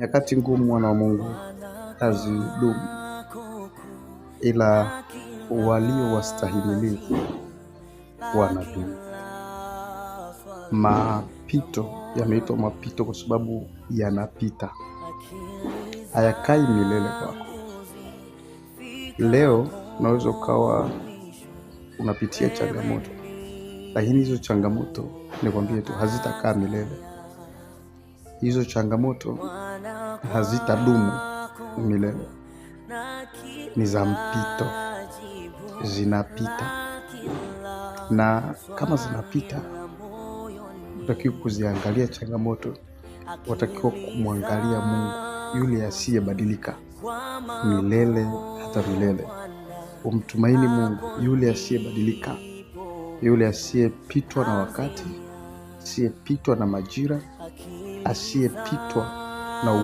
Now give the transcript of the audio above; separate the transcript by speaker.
Speaker 1: Nyakati ngumu, mwana wa Mungu, kazi dumu ila walio wastahimilivu wanadumu. Mapito yameitwa mapito kwa sababu yanapita, hayakai milele kwako. Leo unaweza ukawa unapitia changamoto, lakini hizo changamoto, nikwambie tu, hazitakaa milele. Hizo changamoto hazitadumu milele, ni za mpito, zinapita, na kama zinapita, utakiwa kuziangalia changamoto, watakiwa kumwangalia Mungu yule asiyebadilika milele hata milele, umtumaini Mungu yule asiyebadilika, yule asiyepitwa na wakati, asiyepitwa na majira, asiyepitwa